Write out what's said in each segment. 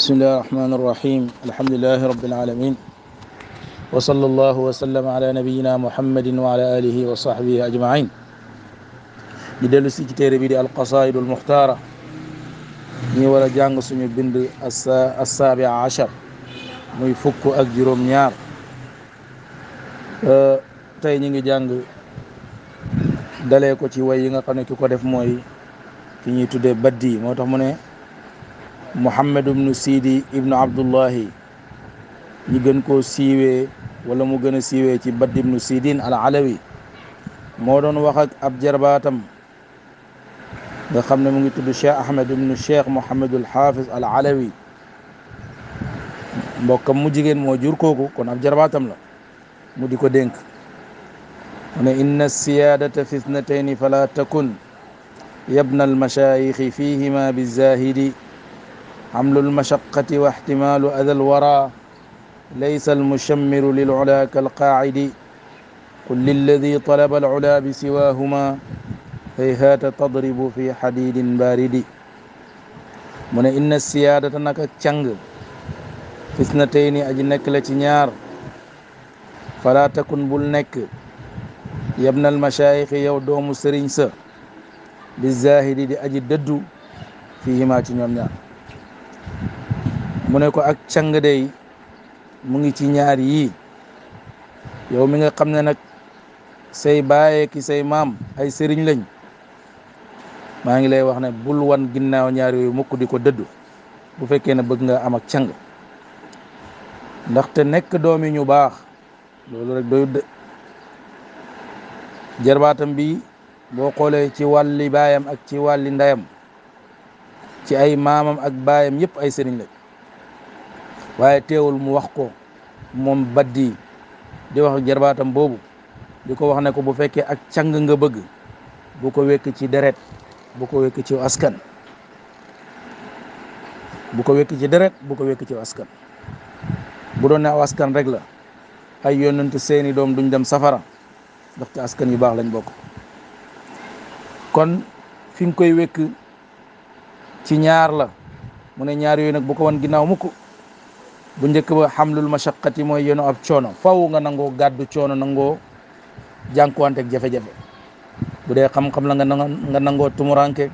بسم الله الرحمن الرحيم الحمد لله رب العالمين وصلى الله وسلم على نبينا محمد وعلى اله وصحبه اجمعين بدل سي تيري بي القصائد المختاره ني ورا جانغ سوني بند السابع عشر مي فك اك جوروم نيار ا تاي نيغي جانغ داليكو تي واي ييغا خاني كوكو ديف موي كي ني تودي بدي موتاخ موني muhammad ibnu siidi ibnu abdullahi ñi gën koo siiwee wala mu gën a siiwee ci badd ibnu siidin al alawi moo doon wax ak ab jarbaatam nga xam ne mu ngi tudd cheikh ahmed ibnu cheikh mouhamadul hafiz al alawi mbokkam mu jigéen moo jur kooku kon ab jarbaatam la mu di ko dénk mu ne inna siyaadata fi ithnatayni fala takun yabna almashayikhi fihima bizahidi حمل المشقة واحتمال أذى الورى ليس المشمر للعلا كالقاعد قل للذي طلب العلا بسواهما هيهات تضرب في حديد بارد من إن السيادة نكا تشنغ في اثنتين أجنك لتنيار فلا تكن بلنك يا ابن المشايخ يا دوم سرينس بالزاهد لأجددو فيهما تنيار mu ne ko ak càng day mu ngi ci ñaar yii yow mi nga xam ne nag say baaye ki say maam ay sëriñ lañ maa ngi lay wax ne bul wan ginnaaw ñaar yooyu mukk di ko dëdd bu fekkee ne bëgg nga am ak càng ndaxte nekk doomi ñu baax loolu rek doyut de jarbaatam bi boo xoolee ci wàlli baayam ak ci wàlli ndeyam ci ay maamam ak baayam yëpp ay sëriñ lañ waaye teewul mu wax ko moom baddi di wax jarbaatam boobu di ko wax ne ko bu fekkee ak càng nga bëgg bu ko wekk ci deret bu ko wekk ci askan bu ko wekk ci deret bu ko wekk ci askan bu doon ne aw askan rek la ay yonent seeni doom duñ dem safara ndax ca askan yu baax lañ bokk kon fi koy wekk ci ñaar la mu ne ñaar yooy nag bu ko wan ginnaaw mukk bu njëkk ba xamlul mashaqati mooy yenu ab coono faw nga nangoo gàddu coono nangoo wante jafe-jafe bu dee xam-xam la nga nga nangoo tumuranke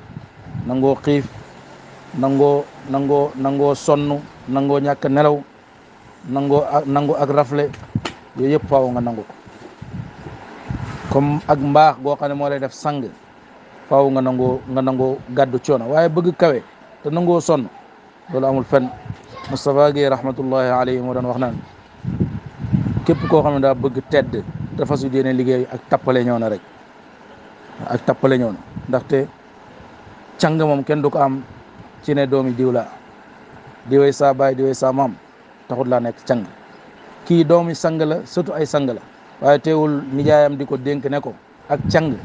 nangoo xiif nangoo nangoo nangoo sonn nangoo ñàkk nelaw nangoo ak nangu ak rafle yooyu yëpp faw nga nangu ko comme ak mbaax goo xam moo lay def sang faw nga nangoo nga nangoo gàddu coono waaye bëgg kawe te nangoo sonn loolu amul fenn Moustapha Guèye rahmatullahi alayhi moo doon wax naan képp koo xam ne daa bëgg tedd dafa su yéene liggéey ak tappale rek ak tappale ndaxte càng moom kenn du ko am ci ne doomi diw la diwee saa baay diwee saa maam taxut laa nekk càng kii doomi sang la surtout ay sang la waaye teewul nijaayam di ko dénk ne ko ak càng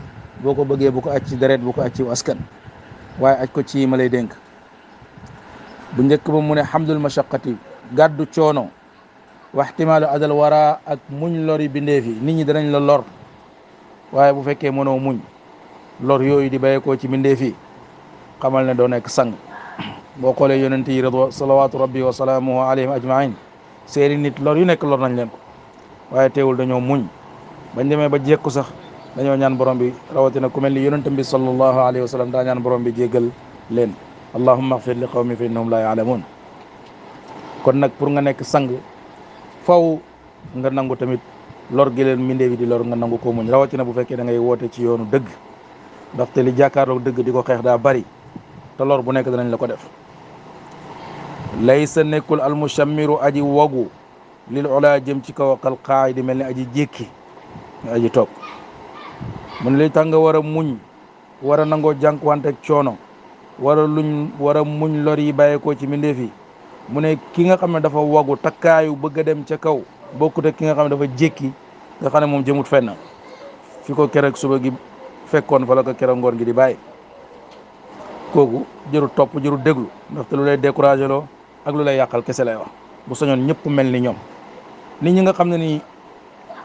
boo ko bëggee bu ko acc ci deret bu ko acc ci askan waaye aj ko ci ma lay dénk bu njëkk ba mu ne xamdul mashaqati gàddu coono waxtimaalu adal wara ak muñ lori bindeef fi nit ñi danañ la lor waaye bu fekkee mënoo muñ lor yooyu di bàyyeekoo ci bindeef fi xamal ne doo nekk sang boo xoolee yonent yi radwa salawaatu rabbi wa salaamuhu alayhim ajmain seeni nit lor yu nekk lor nañ leen ko waaye teewul dañoo muñ bañ demee ba jekku sax dañoo ñaan borom bi rawatina ku mel ni yonentam bi sallallahu alayhi wa sallam daa ñaan borom bi jéggal leen allahumma axfir li qawmi fa innahum laa yaalamuun kon nag pour nga nekk sang faw nga nangu tamit lor gi leen mbindéef yi di lor nga nangu ko muñ na bu fekkee dangay ngay woote ci yoonu dëgg ndaxte li jàkkaarloog dëgg di ko xeex daa bari te lor bu nekk danañ la ko def laysa nekkul almucammiru aji wogu lil olaa jëm ci kaw akal xaay di mel ni aji jékki aji toog mu ne li tax nga war a muñ war a nangoo jànkuwante ak coono wara a luñ war a muñ lor yi bàyyeekoo ci mbindeef yi mu ne kii nga xam ne dafa wagu takkaayu bëgg a dem ca kaw bokkut ak ki nga xam ne dafa jékki nga xam ne moom jëmut fenn fi ko keroog suba gi fekkoon fa la ko keroog ngoor gi di bàyyi kooku jëru topp jëru déglu ndaxte lu lay découragé ak lu lay yàqal kese lay wax bu sañoon ñëpp mel ni ñoom nit ñi nga xam ne nii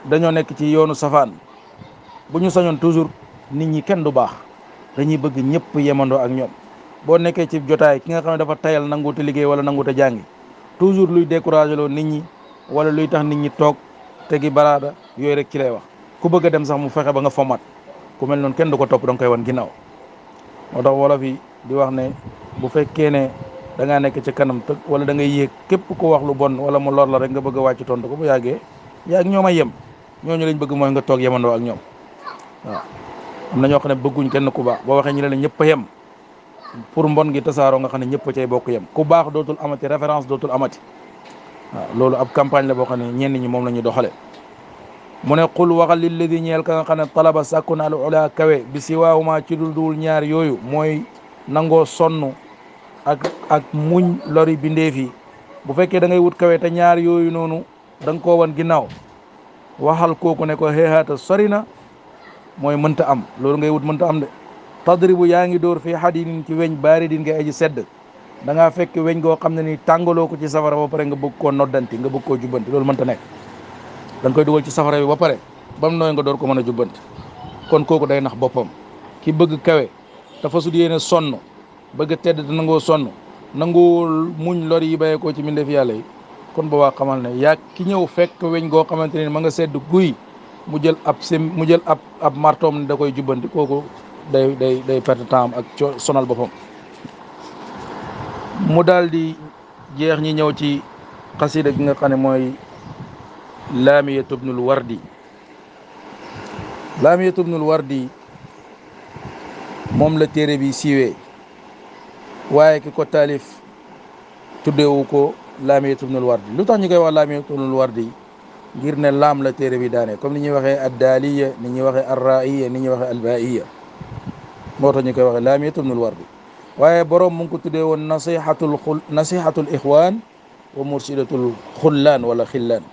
dañoo nekk ci yoonu safaan bu ñu sañoon toujours nit ñi kenn du baax dañuy bëgg ñëpp yemandoo ak ñoom boo nekkee ci jotaay ki nga xam ne dafa tayal nanguute liggéey wala nanguute jàngi toujours luy découragé loo nit ñi wala luy tax nit ñi toog tegi baraada yooyu rek ci lay wax ku bëgg dem sax mu fexe ba nga fomat ku mel noonu kenn du ko topp danga koy wan ginnaaw moo tax wolof yi di wax ne bu fekkee ne da ngaa nekk ci kanam tëg wala da ngay yéeg képp ku wax lu bon wala mu lor la rek nga bëgg a wàcc tontu ko bu yàggee yàgg ñoom ay yem ñooñu lañ bëgg mooy nga toog yemandoo ak ñoom na ñoo xam ne bëgguñ kenn ku baax boo waxee ñu ne la ñëpp yem pour mbon gi tasaaroo nga xam ne ñëpp cay bokk yem ku baax dootul amati référence dootul amati waaw loolu ab campagne la boo xam ne ñenn ñi moom la ñu doxale mu ne qul waxal lilladi ñeel ka nga xam ne talaba sàkku na al ula kawe bi siwaahuma ci dul duwul ñaar yooyu mooy nangoo sonn ak ak muñ lori bindeef bu fekkee da ngay wut kawe te ñaar yooyu noonu da nga koo wan ginnaaw waxal kooku ne ko xeexaata sori mooy mënta am loolu ngay wut mënta am tadribu yaa ngi dóor fii xadidin ci weñ baaridin nga aji sedd da ngaa fekk weñ goo xam ne ni tàngaloo ko ci safara ba pare nga bëgg koo noddanti nga bëgg koo jubbanti loolu mënta nekk da koy dugal ci safara bi ba pare bam mu nooy nga door ko mën a jubbanti kon kooku day nax boppam ki bëgg kawe te fasut yéene sonn bëgg tedd te nangoo sonn nanguwul muñ lor yi bàyyeekoo ci mbindeef yàlla yi kon boobaa xamal ne yaa ki ñëw fekk weñ goo xamante ne ma nga sedd guy mu jël ab sim mu jël ab ab martoom ne da koy jubbanti kooku day day day perte temps ak sonal boppam mu daal di jeex ñi ñëw ci xasida gi nga xam ne mooy laamiyatu bnul wardi laamiyatu bnul wardi moom la téere bi siiwee waaye ki ko taalif tuddeewu ko laamiyatu bnul wardi lu tax ñu koy wax laamiyatu bnul wardi ngir ne lam la téere bi daane comme ni ñuy waxee addaaliya ni ñuy waxee arraiya ni ñuy waxee albaiya moo tax ñu koy waxee laamiyatu bnul wardi waaye borom mu ngi ko tuddee woon nasihatul xul nasihatul ixwaan wa mursidatul xullaan wala xillaan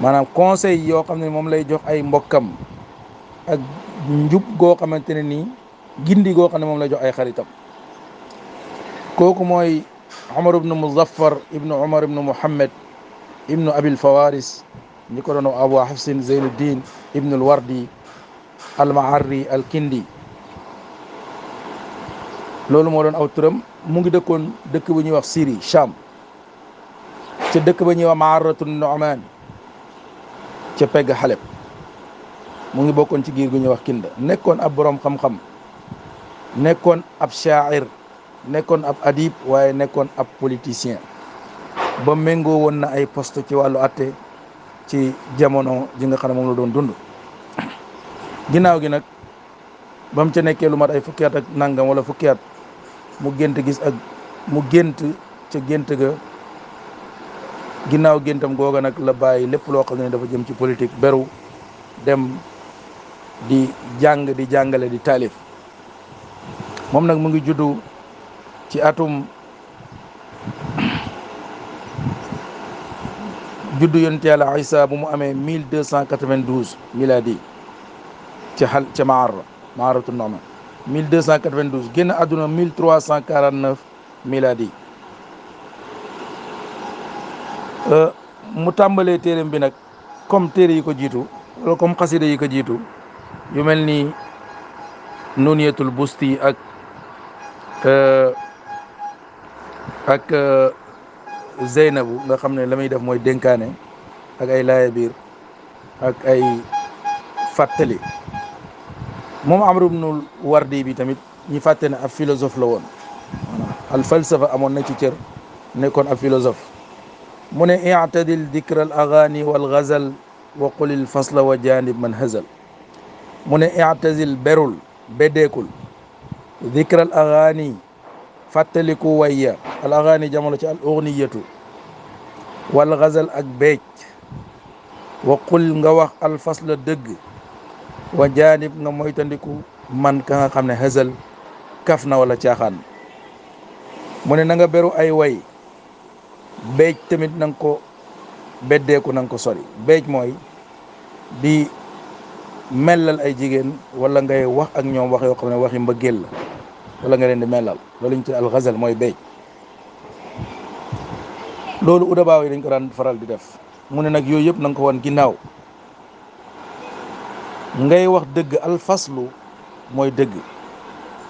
maanaam conseil yoo xam ne moom lay jox ay mbokkam ak njub goo xamante ne nii gindi goo xam ne moom lay jox ay xaritam kooku mooy Umar ibnu Muzaffar ibnu Umar ibnu Muhammad ibnu Abil Fawaris ñi ko doon Abu Hafsin Zeynuddin ibnu al Wardi al Maarri al Kindi loolu moo doon aw turam mu ngi dëkkoon dëkk bu ñuy wax Syrie Cham ci dëkk ba ñuy wax Maaratu Nu'maan ca pegg Haleb mu ngi bokkoon ci giir gu ñuy wax Kinda nekkoon ab boroom xam-xam nekkoon ab shaa'ir nekkoon ab adib waaye nekkoon ab politicien ba méngoo woon na ay poste ci wàllu atte ci jamono ji nga xam ne moom la doon dund ginnaaw gi nag bam ci ca nekkee lu mat ay fukki at ak nangam wala fukki at mu gënt gis ak mu gënt ci gënt ga ginnaw gëntam goga nak la bàyyi lepp lo xamne dafa jëm ci politique beru dem di jang di jangale di talif mom nak mu ngi juddou ci atum juddou yonte yàlla Isa bu mu amé 1292 miladi ci hal ci mar maratu Nu'man 1292 génn àdduna 1349 miladi euh, mu tàmbalee téeréem bi nag comme téere yi ko jiitu wala comme xasida yi ko jiitu yu mel ni nuniyatul busti ak euh, ak euh, zeynabu nga xam ne la def mooy dénkaane ak ay laaya ak ay fàttali moom Amru bnul Wardi bi tamit ñi fàtte ne ab philosophe la woon al falsafa amoon na ci cër nekkoon ab philosophe mu ne i'tadil dikra al agani wal ghazal wa qulil fasla wa janib man hazal mu ne i'tazil berul beddeekul dikra al agani fàttaliku wayya al agani jamono ci al ugniyatu wal ghazal ak beej wa qul nga wax al fasla dëgg wa jaanib nga moytandiku man ka xam ne xësal kaf na wala caaxaan mu ne nanga beru ay way béej tamit na ko beddeeku na ko sori béej mooy di mellal ay jigéen wala ngay wax ak ñoom wax yoo xam ne waxi mbëggeel la wala nga leen di mellal loolu ñu tuddee alxazal mooy béej loolu udabaaw yi dañ ko daan faral di def mu ne nag yooyu yëpp na nga ko woon ginnaaw ngay wax deug al faslu moy deug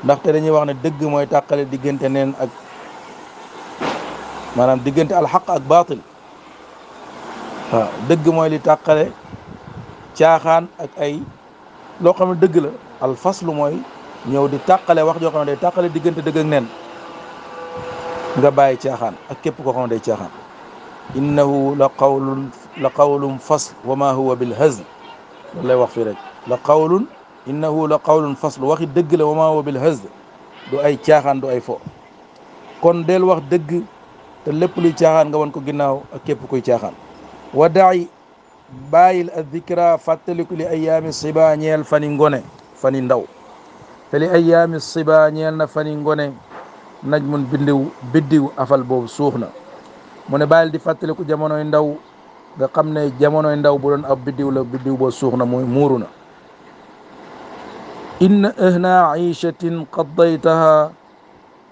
ndax té dañuy wax ne deug moy takalé digënté nén ak manam digënté al haqq ak batil wa deug moy li takalé tiaxan ak ay lo xamné deug la al faslu moy ñëw di takalé wax jo xamné day takalé digënté deug ak nén nga bàyyi tiaxan ak képp ko xamné day tiaxan innahu la qawlun la qawlum fasl wa ma huwa bil hazm loolu lay wax fi rek لقول انه لقول فصل واخي دغ لا وما هو بالهز دو اي تياخان دو اي فو كون ديل واخ دغ تا لب لي تياخان غا وون كو غيناو اك كيب كوي تياخان وداعي بايل الذكرى فاتلك لايام الصبا نيل فاني غوني فاني ندو فلي ايام الصبا نيل فاني غوني نجم بنديو بديو افال بوب سوخنا من بايل دي فاتلك جامونو ندو دا خامني جامونو ندو اب بديو لا بديو سوخنا مورونا إن أهنا عيشة قضيتها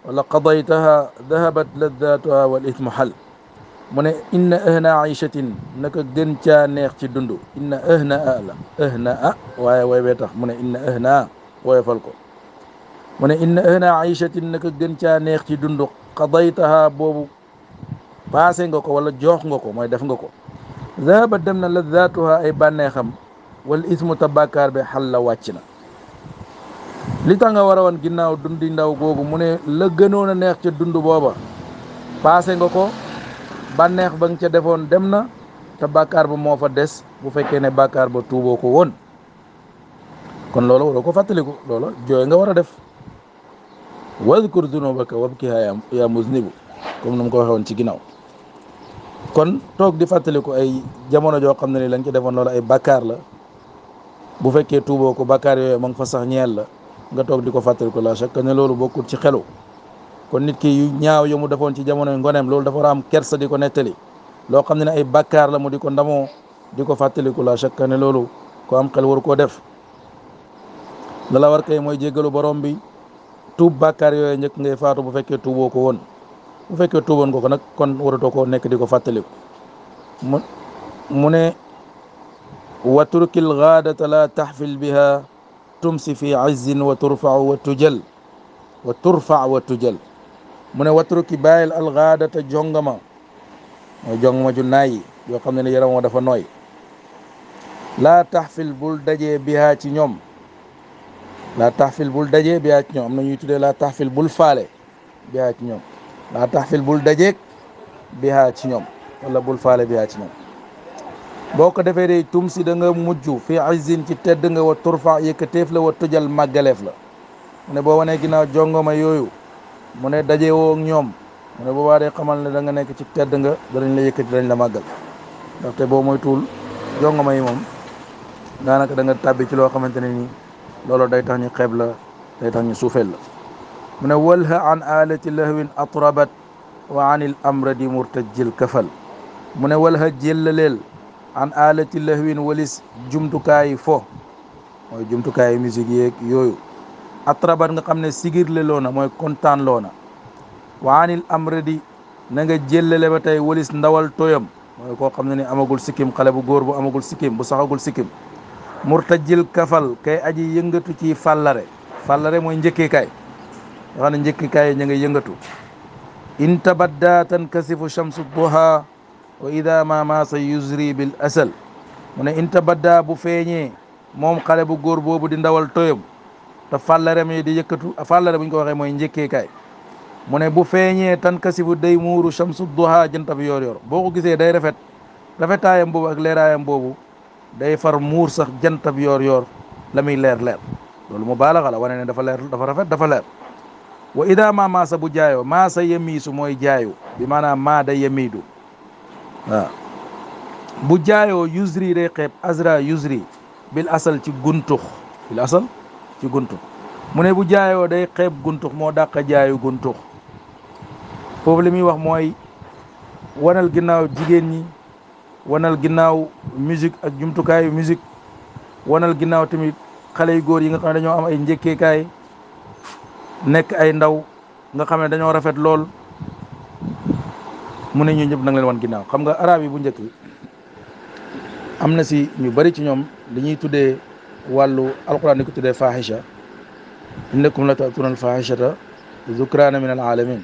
ولا قضيتها ذهبت لذاتها والإثم حل mu ne inna ahna aishatin naka gën caa neex ci dund inna ahna a la ahna a waaye way bee tax mu ne inna ahna woyofal ko mu ne inna ahna aishatin naka gën caa neex ci dund qadaytaha boobu paase nga ko wala joox nga ko mooy def nga ko zahaba dem na la zaatuha ay bànneexam wal ismu ta bàkkaar bi xal la wàcc na li tax nga war a wan ginnaaw dundi ndaw googu mu ne la gënoon a neex ca dund booba paase nga ko bànneex ba nga ca defoon dem na te bàkkaar ba moo fa des bu fekkee ne bàkkaar ba tuuboo ko woon kon loolu waroo ko fàttaliku loola jooy nga war a def wadkur dunubaka wabkiha yaa muznibu comme nu mu ko waxee woon ci ginnaaw kon toog di fàttaliku ay jamono joo xam ne ni lañ ca defoon loolu ay bàkkaar la bu fekkee tuuboo ko bàkkaar yooyu ma nga fa sax ñeel la nga toog di ko fàttaliku la chaque ne loolu bokkul ci xelu kon nit ki ñaaw yu mu defoon ci jamono ngoneem loolu dafa war am kersa di ko nettali loo xam ne ne ay bakkaar la moo di ko ndamoo di ko fàttaliku la chaque ne loolu ko am xel war koo def la la war kay mooy jéggalu borom bi tuub bàkkaar yooyu njëkk ngay faatu bu fekkee tuuboo ko woon bu fekkee tuuboon nga ko nag kon waratoo koo nekk di ko fàttaliku mu mu ne wa la taxfil biha تمسي في عز وترفع وتجل وترفع وتجل mu ne watruki bàyyil alxaadata jongama mooy jongama ju naay yoo xam ne ne yaram dafa nooy laa taxfil bul dajee bihaa ci ñoom laa taxfil bul dajee bihaa ci ñoom am na ñuy tuddee laa taxfil bul faale bihaa ci ñoom laa taxfil bul dajeeg bihaa ci ñoom wala bul faale bihaa ci ñoom boo ko defee day tum si da nga mujj fii izin ci tedd nga wa turfa yëkkateef la wa tojal màggaleef la mu ne boo wanee ginnaaw jongoma yooyu mu ne daje woo ñoom mu ne boobaa day xamal ne da nga nekk ci tedd nga danañ la yëkkati la màggal ndaxte boo mooy tuul yi moom daanaka da nga ci loo xamante ne nii loolu day ñu xeeb la day ñu suufeel la mu ne walha an alati lahwin atrabat wa an il amradi murtajil kafal mu ne walha jéllaleel an alati lahwin walis jumtukaayi fo mooy jumtukaayi musique yeeg yooyu atrabat nga xam ne sigir le loo na mooy kontaan loo na wa anil amradi na nga jëllale ba tey walis ndawal tooyam mooy koo xam ne ni amagul sikkim xale bu góor bu amagul sikkim bu saxagul ta jël kafal kay aji yëngatu ci fàllare fàllare mooy njëkkikaay nga xam ne njëkkikaay ña nga yëngatu in tabaddaatan kasifu shamsu duha وإذا ما ماس يزري بالأسل من إنت بدا بو فيني موم خالي بو غور بو دي ندوال تويم تا فالا رامي دي ييكتو فالا بو كاي من بو فيني تان كسي بو دي جنت بي يور يور بوكو غيسي داي رافيت رافيتايام بوبو اك ليرايام بوبو داي مور سخ جنت بي يور يور لير لير مبالغه لا واني دا لير دا فا رافيت لير وإذا ما ماس بو جايو ماس يميسو جايو بمعنى ما دا waaw bu jaayoo yusri day xeeb asra yusri bil asal ci guntux bil ci guntux mu ne bu jaayoo day xeeb guntux moo dàq jaayu guntux foofu li muy wax mooy wanal ginnaaw jigéen ñi wanal ginnaaw musique ak jumtukaayu musique wanal ginnaaw tamit xale yu góor yi nga xam ne dañoo am ay njëkkeekaay nekk ay ndaw nga xam ne dañoo rafet lool mu ne ñoo ñëpp nag leen wan ginnaaw xam bu njëkk am na si ñu bari ci ñoom dañuy tuddee wàllu alquran di ko tuddee fahisha innakum la tatuna al fahishata zukrana min al alamin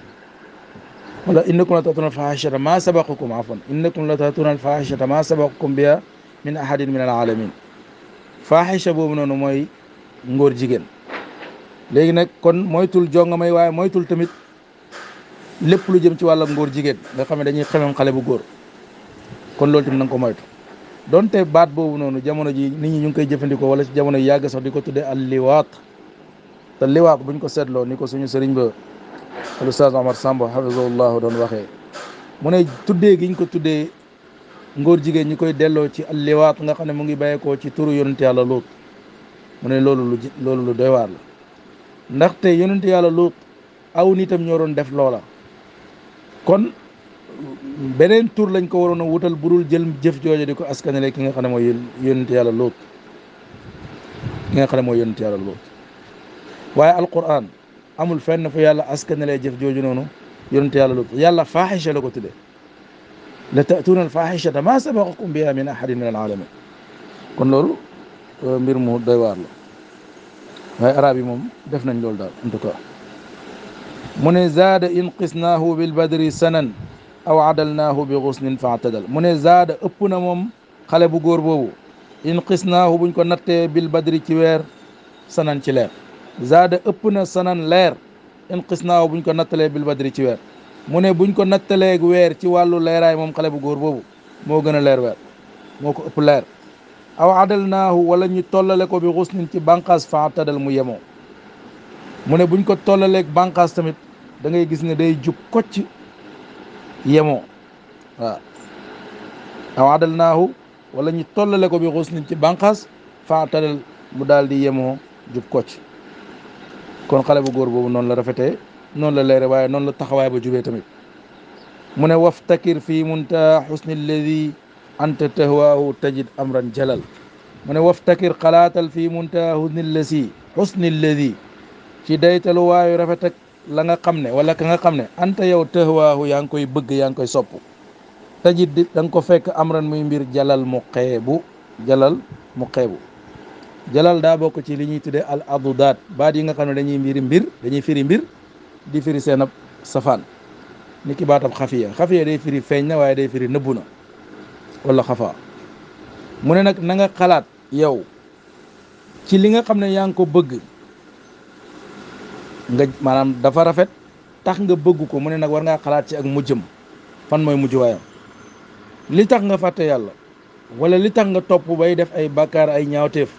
wala innakum la tatuna al fahishata ma sabaqukum afwan innakum la tatuna al fahishata ma sabaqukum biha min ahadin min al alamin fahisha boobu noonu mooy ngóor jigéen léegi nag kon moytul jonga may waaye moytul tamit lépp lu jëm ci wàllum ngóor jigéen nga xam ne dañuy xemem xale bu góor kon loolu tamit na ko moytu donte baat boobu noonu jamono ji nit ñi ñu ngi koy jëfandikoo wala ci jamono yàgg sax di ko tuddee al liwaat te liwaat buñ ko seetloo ni ko suñu sëriñ ba al ustaaz Omar Samba hafizahullahu doon waxee mu ne tuddee giñ ko tuddee ngóor jigéen ñi koy delloo ci al liwaat nga xam ne mu ngi bàyyeekoo ci turu yonent yàlla luut mu ne loolu lu loolu lu doy waar la ndaxte yonent yàlla luut aw nitam ñoo doon def loola kon beneen tur lañ ko waroon a wutal budul jël jëf jooju di ko askanale ki nga xam ne mooy yónnent yàlla lóot ki nga xam ne mooy yónnent yàlla lóot waaye alquran amul fenn fu yàlla askanalee jëf jooju noonu yónnent yàlla lóot yàlla faaxisha la ko tuddee la taatuuna alfaaxishata maa sabaqakum biha min ahadin min alaalamin kon loolu euh, mbir mu doy waar la waaye arab yi moom def nañ loolu daal en tout cas mu ne zaada inqisnaahu bil badri sanan aw adalnaahu bi xusnin fa atadal mu ne zaada ëpp na moom xale bu góor boobu inqisnaahu buñ ko nattee bil badri ci weer sanan ci leer zaada ëpp na sanan leer inqisnaahu buñ ko nattalee bil badri ci weer mu ne buñ ko nattaleeg weer ci wàllu leeraay moom xale bu góor boobu moo gën a leer weer moo ko ëpp leer aw adalnaahu wala ñu tollale ko bi xusnin ci bànqaas fa atadal mu yemoo mu ne buñ ko tollaleeg bànqaas tamit da gis ne day jub kocc yemoo waaw aw adal naahu wala ñu tollale ko bi xusnin ci bànqaas faatadal mu dal di yemoo jub kocc kon xale bu góor boobu noonu la rafetee noonu la leere waaye noonu la taxawaay ba jubee tamit mu ne waftakir fii munta xusni alladi anta tahwaahu tajid amran jalal mu ne waftakir xalaatal fii munta xusni allasi xusni alladi ci daytalu waayu rafet la nga xam ne wala ka nga xam ne anta yow tëxwaahu yaa ngi koy bëgg yaa ngi koy sopp tajit di ko fekk amran muy mbir jalal mu xeebu jalal mu xeebu jalal daa bokk ci li ñuy al adudaat baat yi nga xam ne dañuy mbiri mbir dañuy firi mbir di firi seen ab safaan ni ki baatab day firi feeñ na waaye day firi nëbbu na wala xafa mu ne nag na nga xalaat yow ci li nga xam ne ko bëgg nga maanaam dafa rafet tax nga bëgg ko mu ne nag war ngaa xalaat ci ak mujjëm fan mooy mujj waayam li tax nga fàtte yàlla wala li tax nga topp bay def ay bàkkaar ay ñaawteef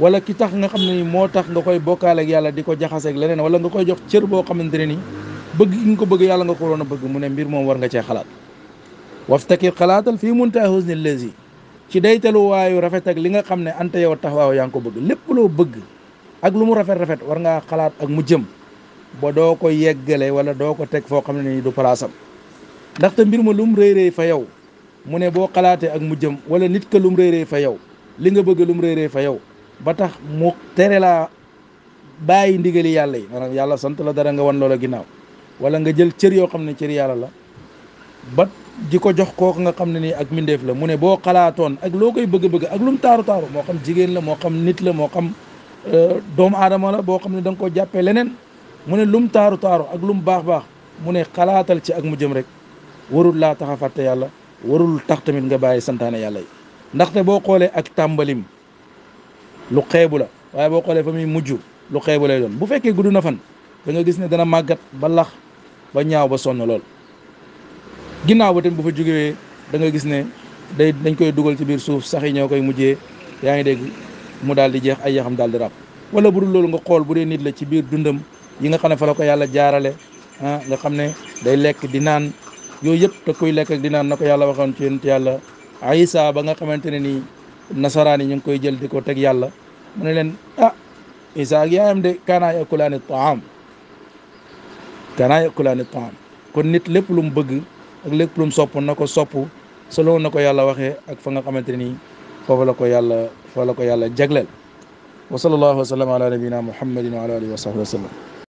wala ki tax nga xam ne ni moo tax nga koy bokkaale yàlla di ko jaxaseek leneen wala nga koy jox cër boo xamante ne ni bëgg gi nga ko bëgg yàlla nga ko a bëgg mu ne mbir moom war nga cee xalaat waftakir xalaatal fii muntaha husni lazi ci daytalu waayu rafet ak li nga xam ne anta tax waaw yaa ngi ko bëgg lépp loo bëgg ak lu mu rafet rafet war ngaa xalaat ak mu jëm ba doo ko yeggale wala doo ko teg foo xam ne nii du palaasam ndaxte mbir ma lum rëy rëy fa yow mu ne boo xalaatee ak mu jëm wala nit ka lum rëy rëy fa yow li nga bëgg lum rëy rëy fa yow ba tax mu tere laa bàyyi ndigali yàlla yi maanaam yàlla sant la dara nga wan loola ginnaaw wala nga jël cër yoo xam ne cër yàlla la ba di ko jox kooku nga xam ne ni ak mbindeef la mu ne boo xalaatoon ak loo koy bëgg-bëgg ak lum taaru taaru moo xam jigéen la moo xam nit la moo xam. Euh, doomu aadama la boo xam ne danga nga koo jàppee leneen mu ne lum taaru taaru ak lum baax baax mu ne xalaatal ci ak mu jëm rek warul laa tax a fàtte yàlla warul tax tamit nga bàyyi santaane yàlla yi ndaxte boo xoolee ak tàmbalim lu xeebu la waaye boo xoolee fa muy mujj lu xeebu lay doon bu fekkee gudd na fan da nga gis ne dana màggat ba lax ba ñaaw ba sonn lool ginnaaw ba tamit bu fa jógewee da gis ne day dañ koy dugal ci biir suuf sax yi ñoo koy mujjee yaa ngi dégg mu daal di jeex ay yaxam daal di ràpp wala bu dul loolu nga xool bu dee nit la ci biir dundam yi nga xam ne fa la ko yàlla jaarale ah nga xam ne day lekk di naan yooyu yëpp te kuy lekk dinaan na ko yàlla waxoon ci yonent yàlla Isa ba nga xamante ne nii nasaraan yi ñu ngi koy jël di teg yàlla mu leen ah Isa ak yaayam de kaanaa yakulaani taam kaanaa yakulaani kon nit lépp lu mu bëgg ak lépp lu sopp na ko sopp selon na ko yàlla waxee ak fa nga xamante nii فوفلكو يالا فوفلكو يالا جغلل وصلى الله وسلم على نبينا محمد وعلى اله وصحبه وسلم